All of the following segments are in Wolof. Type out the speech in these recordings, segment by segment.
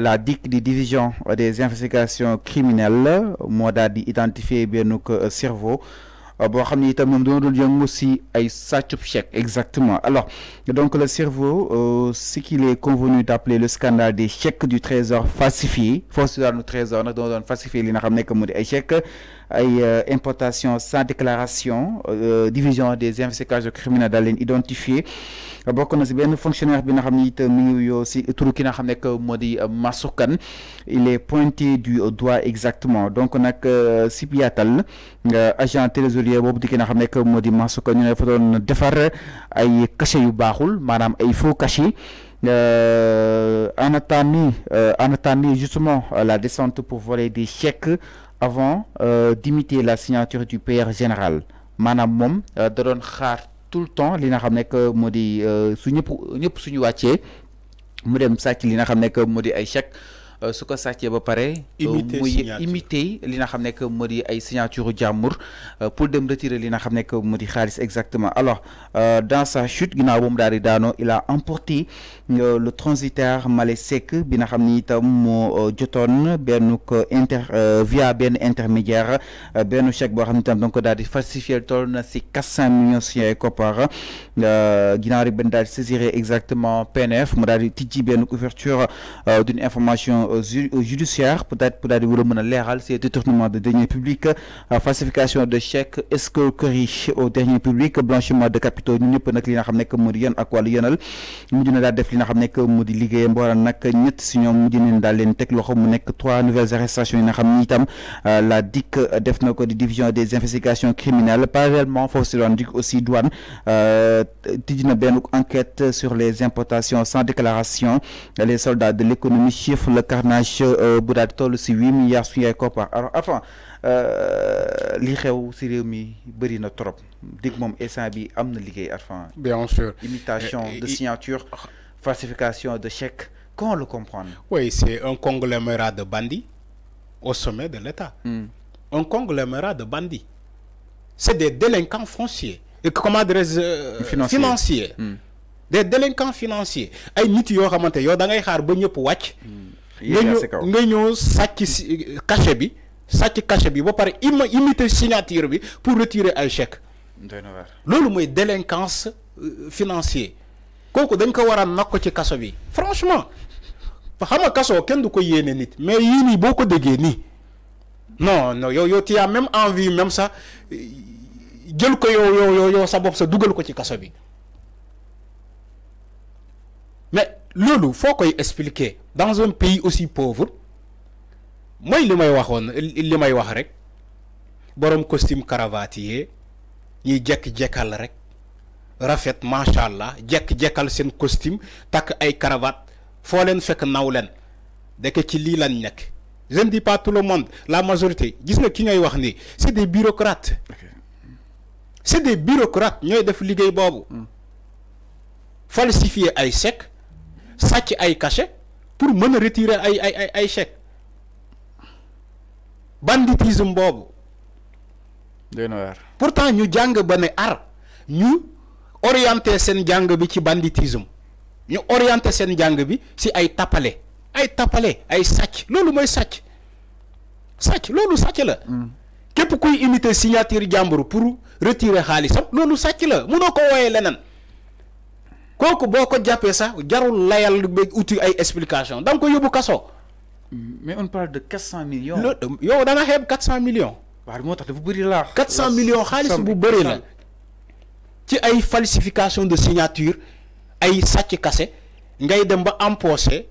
la DIC la division des investigations criminelles moi d'identifier bien identifier que euh, cerveau ah, boo xam itam moom dina doon yëngu si ay chèque exactement alors donc le cerveau euh, ce qu'il est convenu d'appeler le scandale des chèques du trésor falsifiés dans le trésor nag dina doon falsifié li n'a xam comme des chèques ay euh, importation sans déclaration euh, division des investigations criminelles daal leen identifié bokk na si fonctionnaires fonctionnaire bi nga xam ne itam le ngi yoo si turu ki il est pointé du doigt exactement donc on a si yaatal agent atelier boobu di ki nga xam nekk moo di ñu ne fa doon défar ay cachet yu baxul manam ay faux cachet euh, en attendant euh, en attendant justement euh, la descente pour voler des chèques avant d'imiter la signature du père général manam mom da doon xaar tout le temps li nga xam nekk moo di su ñëpp ñëpp suñu wàccee mu dem sàcc li nga xam nekk moo ay chèques. Euh, su ko sàccee ba pare euh, mu imiter li nga xam que modi ay signature jamour euh, pour dem retirer li nga xam que modi di exactement alors dans sa chute ginaaw ba mu daano il a emporté le transitaire Malé Seck bi nga xamni tam mo jotone jotoon ko inter via ben intermédiaire ben chèque bo xamni tam donc daal falsifier falsifié ci 400 millions si ay koppar ginnaaw rek benn saisir exactement PNF mo daal di ben ouverture d'une information judiciaire peut-être pour la c'est le léral c'est le de dernier falsification de chèques escroquerie au dernier public blanchiment de capitaux ñu ñëpp li nga ak def li nga trois nouvelles arrestations euh, la DIC def division des investigations criminelles parallèlement force aussi douane euh, enquête sur les importations sans déclaration les soldats de l'économie chiffrent le carnage euh, bu daal di plus de 8 milliards suñu ay koppar alors avant euh, li xew si réew mi bari na trop dig moom instant bi amna na enfin bien sûr imitation de signature falsification de chèque comment le comprendre. oui c'est un conglomérat de bandits au sommet de l'État. Hmm. un conglomérat de bandits. c'est des délinquants fonciers. et comment dire financier euh, financiers hmm. des délinquants financiers ay nit yo xamanté yo da ngay xaar ba ñëpp nga ñëw sàcc cachet bi sàcc cachet bi ba pare im imiter signature bi pour retirer ay chèque loolu mooy délinquance euh, financier kooku dañ ko war a nag ci kaso bi franchement xam nga kaso kenn du ko yéene nit mais yii nii boo ko déggee nii non non yow yow tu as même envie même ça euh, jël ko yo yow yow yow sa bopp sa dugal ko ci kaso bi loolu faut koy expliquer dans un pays aussi pauvre mooy li may waxoon li may wax rek boroom costume cravate yi ñuy jekk rek rafet macha allah jekk sen costume tak ay cravate foo leen fekk naw leen dëkk ci lii lañ je ne dis pas tout le monde la majorité gis nga ki ngay wax ni, c'est des bureaucrates c'est des bureaucrates ñooy def bobo boobu hmm. falsifier ay chèques sàcc ay cachet pour retirer ay ay ay chèque banditisme pourtant ñu jang ba né ar ñu orienter sen jang bi ci banditisme ñu orienter sen jang bi si ay tapalé ay tapalé ay sàcc lolu moy sàcc l'on nous sàcc la. Mm. képp kuy imiter signature pour retirer xaalisam lolu nous la mëno ko woyé kooku boko ko ça jarul layal ba ay explication Dang ko yobou kasso. mais on parle de 400 millions. yow de nga xeeb millions. waaw motax tax dafa beuri la. 400 millions khalis bu beuri la. ci ay falsification de signature ay sàcc cassé ngay dem ba empoché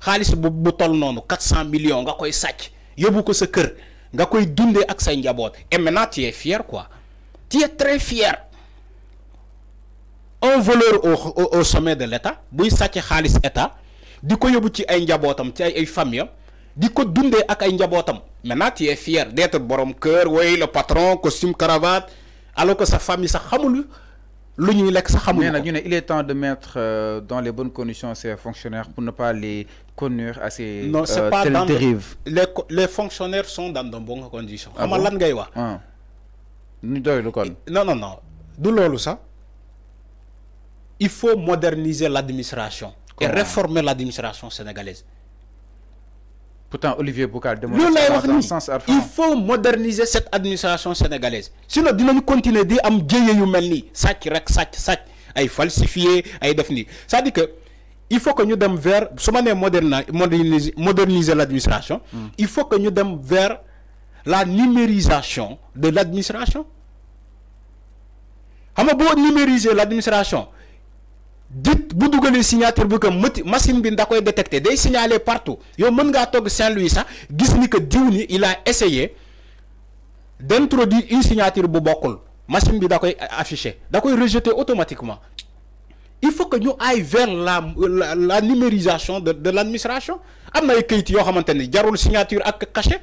khalis bu bu tol noonu 400 millions nga koy sàcc yobou ko sa keur nga koy dundee ak say njabot. et maintenant tu es fier quoi tu es très fier un voleur au au sommet de l'État, bui buy sàcc xaalis état il a yóbbu ci ay njabootam ci ay famille am di ak ay maintenant tu es fier d'être borom cœur, woy le patron costume cravate alors que sa famille ça xamul lu ñuy lekk sa il est temps de mettre euh, dans les bonnes conditions ces fonctionnaires pour ne pas les connaître à ces. non c' euh, pas les les fonctionnaires sont dans de bonnes conditions. Ah lan ah. non non non du ça? il faut moderniser l'administration et réformer l'administration sénégalaise. Pourtant, Olivier Boucal demande Il faut moderniser cette administration sénégalaise. Sinon, nous continuer de am ça qui rek ay falsifier ay Ça dit que il faut que nous dem vers moderniser, moderniser l'administration, hmm. il faut que nous dem vers la numérisation de l'administration. Xam nga numériser l'administration dit bu dugalee signature bu que machine bi ndakoy détecter détecté day signaler partout yo mën nga togg Saint-Louis sax gis ni que diw ni il a essayé d'introduire une signature bu bokul machine bi da afficher affiché rejeter rejeté automatiquement il faut que nous aille vers la la la numérisation de de l'administration am na ay kayit yoo xamante jarul signature ak cachet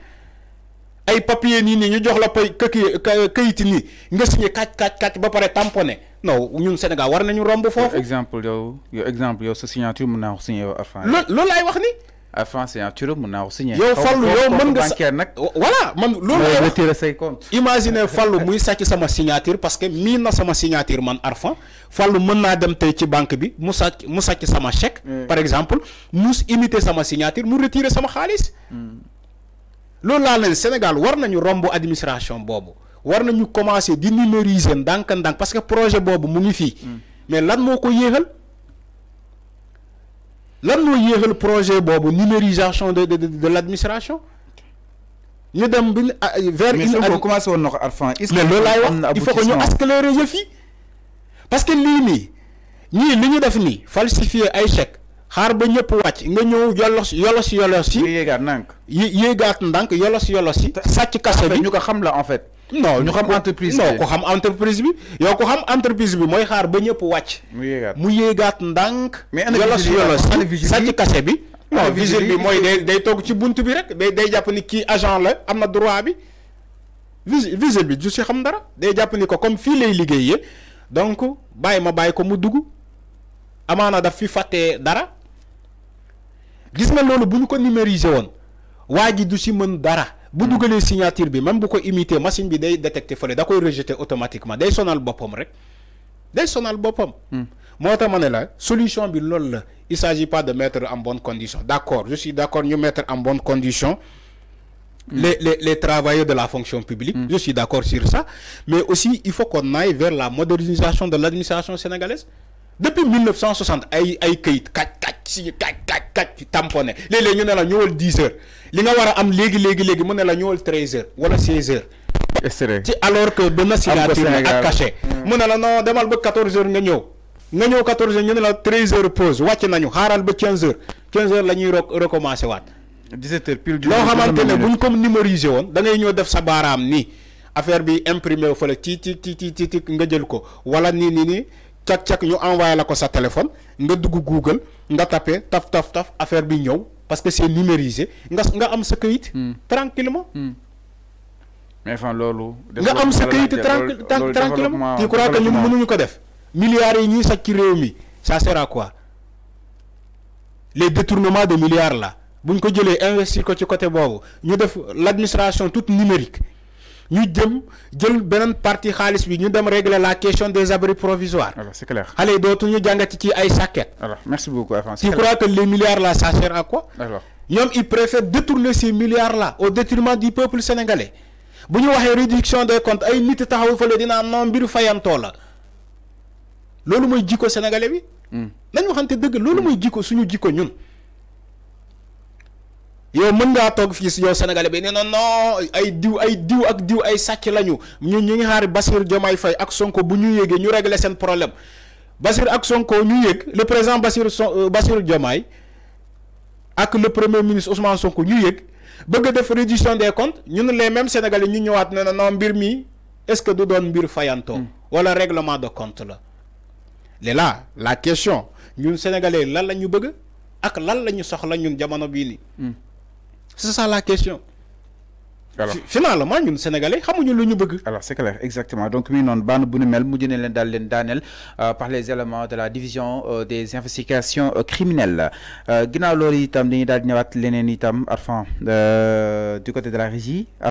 ay papier ni ni ñu jox la pay kayit nii nga signé kàcc kàcc kàcc ba paré tamponner non ñun Sénégal war nañu fofu. exemple yo, exemple yo, signature mëna wax signé wax ni. signature signé. yo fallu yo nga voilà man imagine muy sama signature parce que mi na sama signature man Arfan Fallu mën dem tey ci banque bi mu sacc mu sacc sama chèque. par exemple mu imiter sama signature mu retirer sama xaalis. Hmm. la Sénégal war nañu rombo administration bobu war nañu commencer di numériser ndànk-ndànk parce que projet bobu mu ngi fii mais lan moko ko lan moo yéexal projet bobu numérisation de de de l' administration ñu dem bi ah, vers une mais commencé woon na ko Arfan mais loolu laay wax il faut que ñu accélérer yëf fi parce que li ni ñii li ñu def ni falsifier ay chèque xaar ba ñëpp wàcc nga ñëw yolos yolos yolos yi yéegaat ndànk yéegaat ndànk yolos yolos yi sàcc kasse bi ñu ko xam la en fait non ñu xam entreprise non xam entreprise bi yow ko xam entreprise bi mooy xaar ba ñëpp wàcc. mu yéegaat mu yéegaat ndànk. mais sàcc kase bi. non vigile bi mooy day day toog ci bunt bi rek day day jàpp ni kii agent la am na droit bi. visi vigile bi du si xam dara day jàpp ni ko comme fii lay liggéeyee donc bàyyi ma bàyyi ko mu dugg amaana daf fi fàtte dara gis nga loolu bu ñu ko numériser woon waa ji du si mën dara. bu voulez signature bi même bu ko imiter machine bi day détecté fële da koy rejeté automatiquement day sonal boppam rek day sonal boppam. Hmm. moo tax ma ne solution bi loolu il s'agit pas de mettre en bonne condition d'accord je suis d'accord ñu mettre en bonne condition. Hmm. les les les travailleurs de la fonction publique. Hmm. je suis d'accord sur ça mais aussi il faut qu'on aille vers la modernisation de l'administration sénégalaise depuis 1960 ay ay les tamponné lélé ñu 10 heures li nga am légui mu 13 heures wala 16 heures. alors que ak caché mm. mu non 14 heures nga nga 14 heures 13 heures pause nañu xaaral 15 heures 15 heures la recommencer waat. 17 heures buñ ko numériser def sa affaire bi imprimé ci ci ci nga jël ko wala ni tchèque ñu la sa téléphone nga Google nga taper, taf taf taf affaire bi parce que c'est numérisé nga nga am hmm. tranquillement hmm. mais enfin am tranquillement tu crois que nous mënuñu ko def. milliards yi ñi nous, ci mi ça sert à quoi les détournements de milliards là buñ ko investir ko ci côté bobu ñu def l'administration toute numérique ñu devons jël partie xaalis bi ñu dem régler la question des abris provisoires. alors c'est clair Allez, d'autres nous jàngati ci ay sàkket. alors merci beaucoup tu crois que les milliards là ça sert à quoi. alors ñoom ils préfèrent détourner ces milliards là au détriment du peuple sénégalais bu ñu une réduction des comptes ay nit taxaw fële dina am non mbiru fayantoo la loolu mooy jikko sénégalais bi. Hmm. nañu waxante dëgg loolu hmm. mooy jikko suñu jikko ñun. yow mën ngaa toog fii yow sénégalais bi nee na non ay diw ay diw ak diw ay sàcc lañu ñu ñu ngi xaar Bassirou Diomaye fay ak Sonko bu ñu yéegee ñu régler seen problème Bassirou ak Sonko ñu yéeg le président Bassirou Son euh, Bassirou Diomaye ak le premier ministre Ousmane Sonko ñu yéeg bëgg def réduction des ñu ñun les mêmes sénégalais ñu ñëwaat ne na non mbir mi est-ce que du doon mbir fayanto hmm. wala réglement de compte la léegi là la question ñun sénégalais lan la ñu bëgg ak lan la ñu soxla ñun jamono bii nii. Hmm. c'est ça la question. alors finalement nous, sénégalais ce lu ñu alors c'est clair exactement donc nous, nous bu mel euh, par les éléments de la division euh, des investigations euh, criminelles Nous avons du côté de la régie.